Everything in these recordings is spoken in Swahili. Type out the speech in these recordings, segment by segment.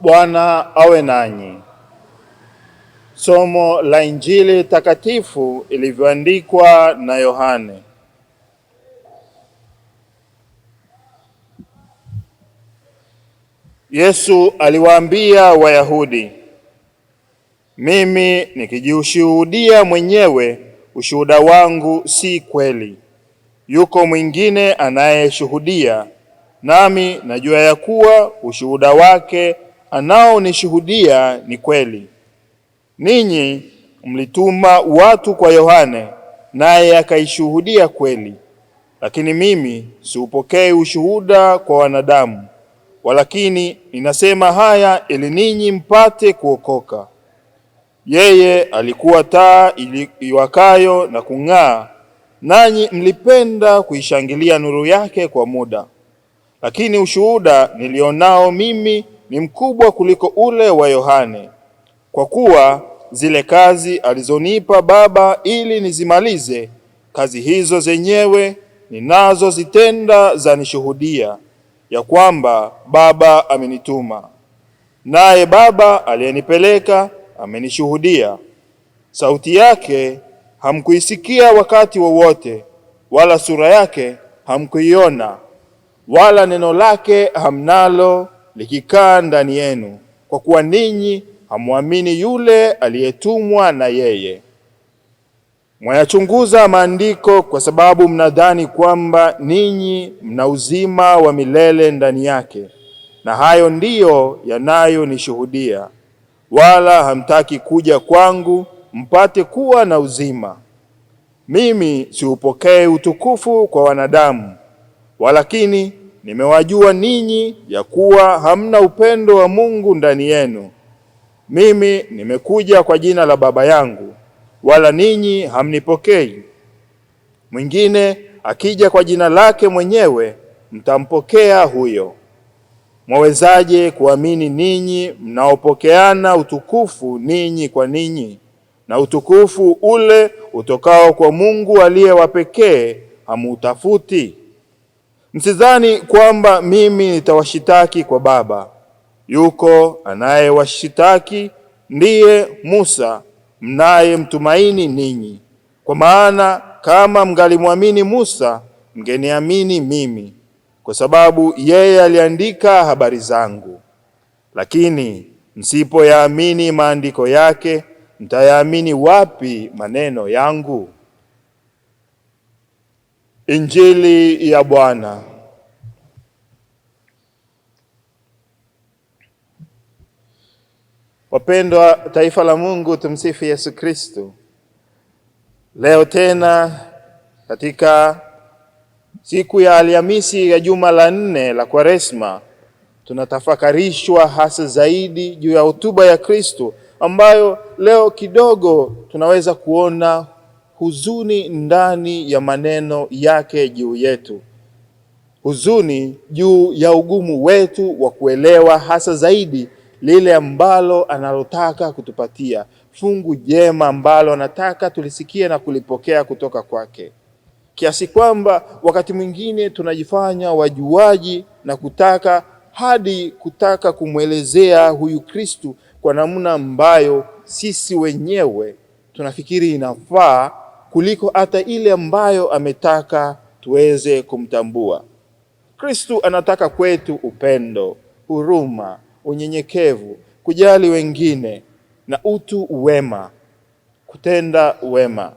Bwana awe nanyi. Somo la Injili takatifu ilivyoandikwa na Yohane. Yesu aliwaambia Wayahudi, mimi nikijishuhudia mwenyewe ushuhuda wangu si kweli. Yuko mwingine anayeshuhudia, nami najua ya kuwa ushuhuda wake anaonishuhudia ni kweli. Ninyi mlituma watu kwa Yohane, naye akaishuhudia kweli. Lakini mimi siupokei ushuhuda kwa wanadamu, walakini ninasema haya ili ninyi mpate kuokoka. Yeye alikuwa taa iwakayo na kung'aa, nanyi mlipenda kuishangilia nuru yake kwa muda. Lakini ushuhuda nilionao mimi ni mkubwa kuliko ule wa Yohane, kwa kuwa zile kazi alizonipa Baba ili nizimalize, kazi hizo zenyewe ninazozitenda zanishuhudia ya kwamba Baba amenituma, naye Baba aliyenipeleka amenishuhudia. Sauti yake hamkuisikia wakati wowote wa wala sura yake hamkuiona, wala neno lake hamnalo likikaa ndani yenu, kwa kuwa ninyi hamwamini yule aliyetumwa na yeye. Mwayachunguza maandiko kwa sababu mnadhani kwamba ninyi mna uzima wa milele ndani yake, na hayo ndiyo yanayonishuhudia. Wala hamtaki kuja kwangu mpate kuwa na uzima. Mimi siupokee utukufu kwa wanadamu, walakini nimewajua ninyi ya kuwa hamna upendo wa Mungu ndani yenu. Mimi nimekuja kwa jina la Baba yangu, wala ninyi hamnipokei. Mwingine akija kwa jina lake mwenyewe, mtampokea huyo. Mwawezaje kuamini ninyi mnaopokeana utukufu ninyi kwa ninyi, na utukufu ule utokao kwa Mungu aliye wa pekee Msidhani kwamba mimi nitawashitaki kwa Baba. Yuko anayewashitaki ndiye Musa mnayemtumaini ninyi. Kwa maana kama mngalimwamini Musa, mngeniamini mimi, kwa sababu yeye aliandika habari zangu. Lakini msipoyaamini maandiko yake, mtayaamini wapi maneno yangu? Injili ya Bwana. Wapendwa taifa la Mungu, tumsifu Yesu Kristo. Leo tena katika siku ya Alhamisi ya juma la nne la Kwaresma, tunatafakarishwa hasa zaidi juu ya hotuba ya Kristo ambayo leo kidogo tunaweza kuona huzuni ndani ya maneno yake juu yetu, huzuni juu ya ugumu wetu wa kuelewa hasa zaidi lile ambalo analotaka kutupatia, fungu jema ambalo anataka tulisikie na kulipokea kutoka kwake, kiasi kwamba wakati mwingine tunajifanya wajuaji na kutaka hadi kutaka kumwelezea huyu Kristu kwa namna ambayo sisi wenyewe tunafikiri inafaa kuliko hata ile ambayo ametaka tuweze kumtambua. Kristu anataka kwetu upendo, huruma, unyenyekevu, kujali wengine na utu wema, kutenda wema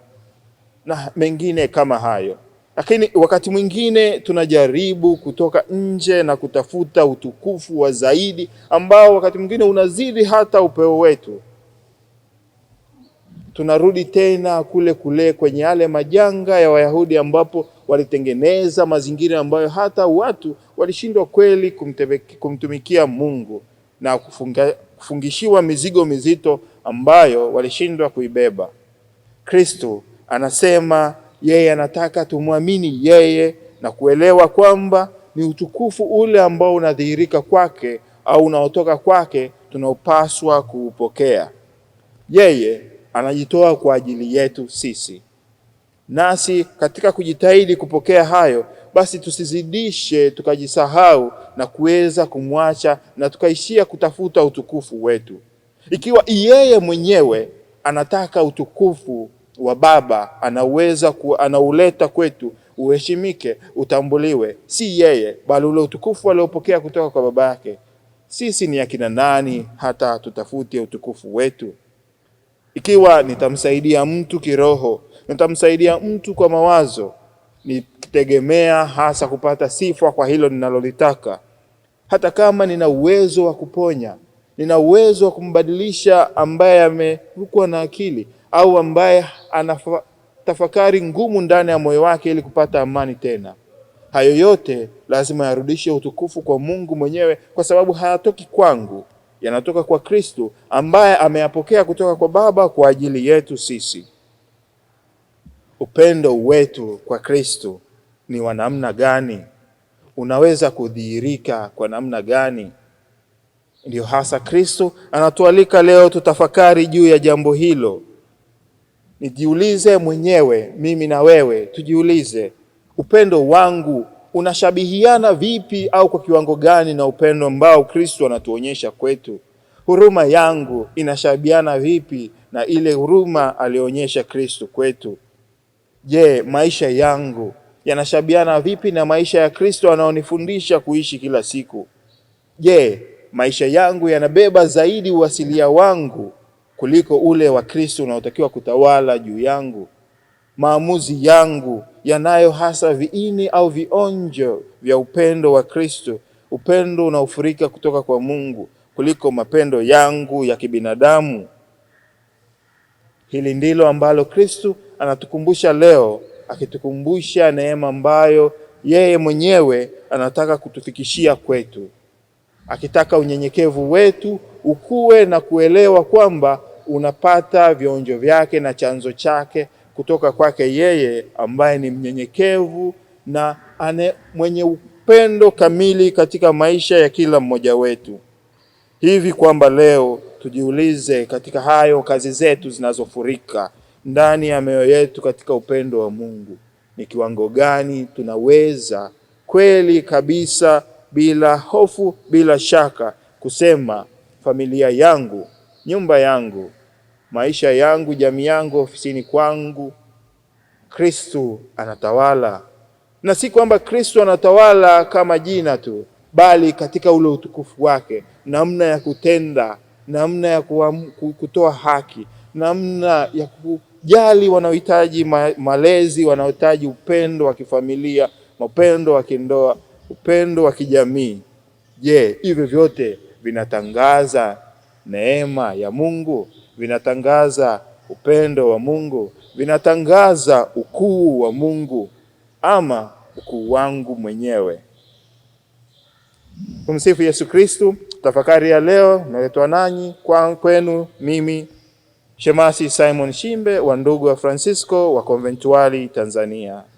na mengine kama hayo. Lakini wakati mwingine tunajaribu kutoka nje na kutafuta utukufu wa zaidi ambao wakati mwingine unazidi hata upeo wetu tunarudi tena kule kule kwenye yale majanga ya Wayahudi ambapo walitengeneza mazingira ambayo hata watu walishindwa kweli kumtumikia Mungu na kufunga, kufungishiwa mizigo mizito ambayo walishindwa kuibeba. Kristo anasema yeye anataka tumwamini yeye na kuelewa kwamba ni utukufu ule ambao unadhihirika kwake au unaotoka kwake tunaopaswa kuupokea yeye anajitoa kwa ajili yetu sisi, nasi katika kujitahidi kupokea hayo, basi tusizidishe tukajisahau na kuweza kumwacha na tukaishia kutafuta utukufu wetu, ikiwa yeye mwenyewe anataka utukufu wa Baba anaweza ku, anauleta kwetu uheshimike, utambuliwe, si yeye bali ule utukufu aliopokea kutoka kwa Baba yake. Sisi ni akina nani hata tutafute utukufu wetu? ikiwa nitamsaidia mtu kiroho, nitamsaidia mtu kwa mawazo, nikitegemea hasa kupata sifa kwa hilo ninalolitaka. Hata kama nina uwezo wa kuponya, nina uwezo wa kumbadilisha ambaye amekuwa na akili au ambaye ana tafakari ngumu ndani ya moyo wake, ili kupata amani tena. Hayo yote lazima yarudishe utukufu kwa Mungu mwenyewe, kwa sababu hayatoki kwangu yanatoka kwa Kristo ambaye ameyapokea kutoka kwa Baba kwa ajili yetu sisi. Upendo wetu kwa Kristo ni wa namna gani? Unaweza kudhihirika kwa namna gani? Ndiyo hasa Kristo anatualika leo tutafakari juu ya jambo hilo. Nijiulize mwenyewe, mimi na wewe tujiulize, upendo wangu unashabihiana vipi au kwa kiwango gani na upendo ambao Kristo anatuonyesha kwetu? Huruma yangu inashabihiana vipi na ile huruma alionyesha Kristo kwetu? Je, maisha yangu yanashabihiana vipi na maisha ya Kristo anaonifundisha kuishi kila siku? Je, maisha yangu yanabeba zaidi uasilia wangu kuliko ule wa Kristo unaotakiwa kutawala juu yangu? maamuzi yangu yanayo hasa viini au vionjo vya upendo wa Kristo, upendo unaofurika kutoka kwa Mungu kuliko mapendo yangu ya kibinadamu. Hili ndilo ambalo Kristo anatukumbusha leo, akitukumbusha neema ambayo yeye mwenyewe anataka kutufikishia kwetu, akitaka unyenyekevu wetu ukue na kuelewa kwamba unapata vionjo vyake na chanzo chake kutoka kwake yeye ambaye ni mnyenyekevu na ane mwenye upendo kamili katika maisha ya kila mmoja wetu, hivi kwamba leo tujiulize katika hayo kazi zetu zinazofurika ndani ya mioyo yetu katika upendo wa Mungu, ni kiwango gani tunaweza kweli kabisa, bila hofu, bila shaka kusema familia yangu, nyumba yangu maisha yangu, jamii yangu, ofisini kwangu, Kristu anatawala. Na si kwamba Kristu anatawala kama jina tu, bali katika ule utukufu wake, namna ya kutenda, namna ya kutoa haki, namna ya kujali wanaohitaji malezi, wanaohitaji upendo wa kifamilia, upendo wa kindoa, upendo wa kijamii. Je, hivyo vyote vinatangaza neema ya Mungu? vinatangaza upendo wa Mungu, vinatangaza ukuu wa Mungu ama ukuu wangu mwenyewe. Tumsifu Yesu Kristu. Tafakari ya leo naletwa nanyi kwa kwenu mimi Shemasi Simon Shimbe wa ndugu wa Francisco wa conventuali Tanzania.